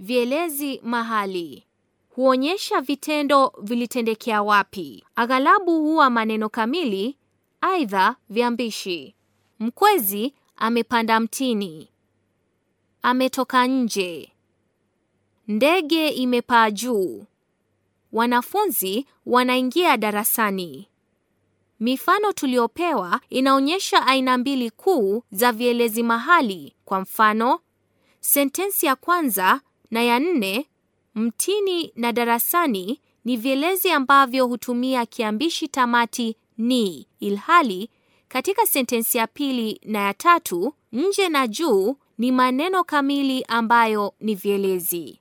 Vielezi mahali huonyesha vitendo vilitendekea wapi. Aghalabu huwa maneno kamili, aidha viambishi. Mkwezi amepanda mtini. Ametoka nje. Ndege imepaa juu. Wanafunzi wanaingia darasani. Mifano tuliyopewa inaonyesha aina mbili kuu za vielezi mahali. Kwa mfano, sentensi ya kwanza na ya nne, mtini na darasani ni vielezi ambavyo hutumia kiambishi tamati ni, ilhali katika sentensi ya pili na ya tatu, nje na juu ni maneno kamili ambayo ni vielezi.